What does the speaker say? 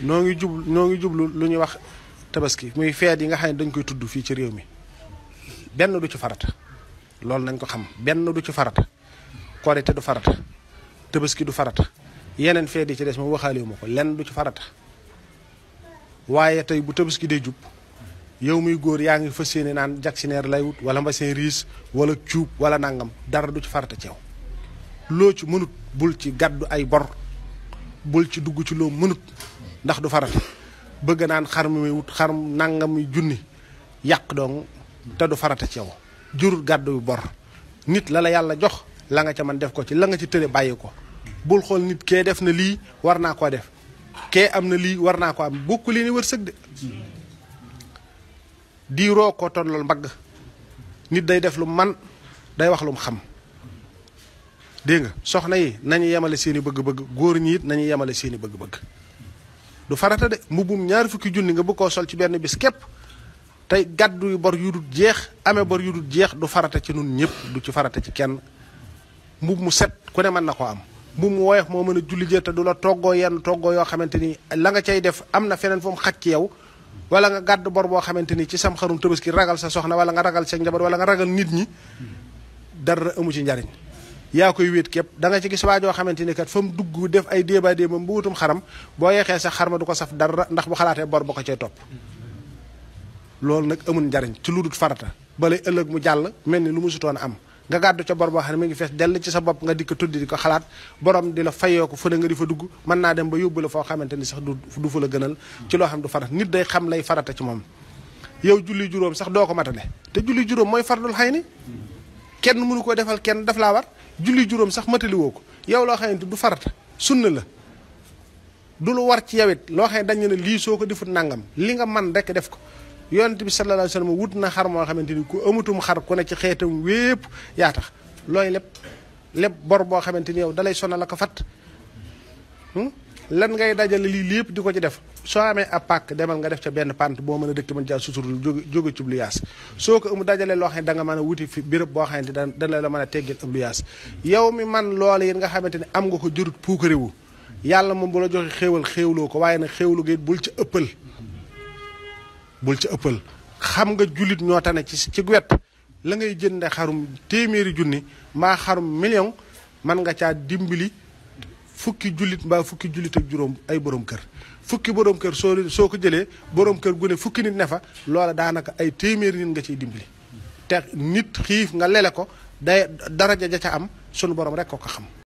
noo ngi jub noo ngi jublu lu ñuy wax tabaski muy feet yi nga xam ne dañ koy tudd fii ci réew mi benn du ci farata loolu nañ ko xam benn du ci farata korite du farata tabaski du farata yeneen feet yi ci des ma waxaale ma ko lenn du ci farata waaye tey bu tabaski dee jub yow muy góor yaa ngi fas yéene lay wut wala mbasin riis wala cuub wala nangam dara du ci farata ci yow loo ci mënut bul ci gàddu ay bor bul ci dugg ci loo mënut ndax du faral bëgg naan xar mi wut xar nangam junni yàq dong te du farata ci yow jur gàddu yu bor nit la la yàlla jox la nga ca man def ko ci la nga ci tële bàyyi ko bul xool nit ke def na lii war naa koo def kee am na lii war naa ko am bokku ni wërsëg de diiroo ko tonlal mbagg nit day def lu man day wax lu xam dégg nga soxna yi nañu yemale seeni bëgg-bëgg góor ñi it nañu yemale seeni bëgg-bëgg du farata de mbubbum ñaari fukki junni nga bëgg koo sol ci benn bis képp tey gàddu yu bor yu dul jeex amee bor yu dul jeex du farata ci nun ñëpp du ci farata ci kenn mbubb mu set ku ne mën na ko am mbubb mu woyof moo mën a julli jër te du la toggoo yenn toggoo yoo xamante ni la nga cay def am na feneen fu mu xaj ci yow wala nga gàdd bor boo xamante ni ci sam xarum tabaski ragal sa soxna wala nga ragal sa njaboot wala nga ragal nit ñi dara amu ci njariñ yaa koy wéet képp danga ci gis waa joo xamante ni kat fa mu dugg def ay déeba déeba mbuutum xaram boo yeexee sax ma du ko saf dara ndax bu xalaatee bor ba ko cay topp loolu nag amul njariñ ci lu dul farata balay ëllëg mu jàll mel ni lu mu sutoon am nga gàddu ca bor boo xam ne mi ngi fees dell ci sa bopp nga dikk tuddi di ko xalaat borom di la fayoo ko fu nga di fa dugg mën naa dem ba yóbbu la foo xamante ni sax du du fu la gënal ci loo xam du farata nit day xam lay farata ci moom yow julli juróom sax doo ko matale te julli juróom mooy far fardul xay ni kenn mënu koo defal kenn daf laa war julli juróom sax matali ko yow loo xam ne du farata sunna la du lu war ci yawit loo xam dañ ne lii soo ko defut nangam li nga man rek def ko yonent bi sallallahu alayhi wa sallam wut na xar moo xamante ni ku amatum xar ku ne ci xeetam wépp yaa tax looy lépp lépp bor boo xamante ni yow dalay sonal la ko fat hmm? lan ngay dajale lii lépp di ko ci def soo amee a pàkk demal nga def ca benn pant boo mën a dëkk mën caa suturlu jóge jóge ci luyaas soo ko amu dajalee loo xam danga da mën a wuti fi béréb boo xam ne dana la mën a teggeel ab yow mi man loolu yi nga xamante ne am nga ko jërut puukarewu yàlla moom bu la joxe xéewal xéewloo ko waaye nag xéewlu gi bul ci ëppal bul ci ëppal xam nga jullit ñoo tane ci ci wet la ngay jënde xarum téeméeri junni mbaa xarum million mën nga caa dimbali fukki jullit mbaa fukki jullit ak juróom ay borom kër fukki borom kër soo soo ko jëlee borom kër gu ne fukki nit ne fa loola daanaka ay téeméeri nit nga ciy dimbali. te nit xiif nga lele ko day daraja ja ca am sunu borom rek ko ko xam.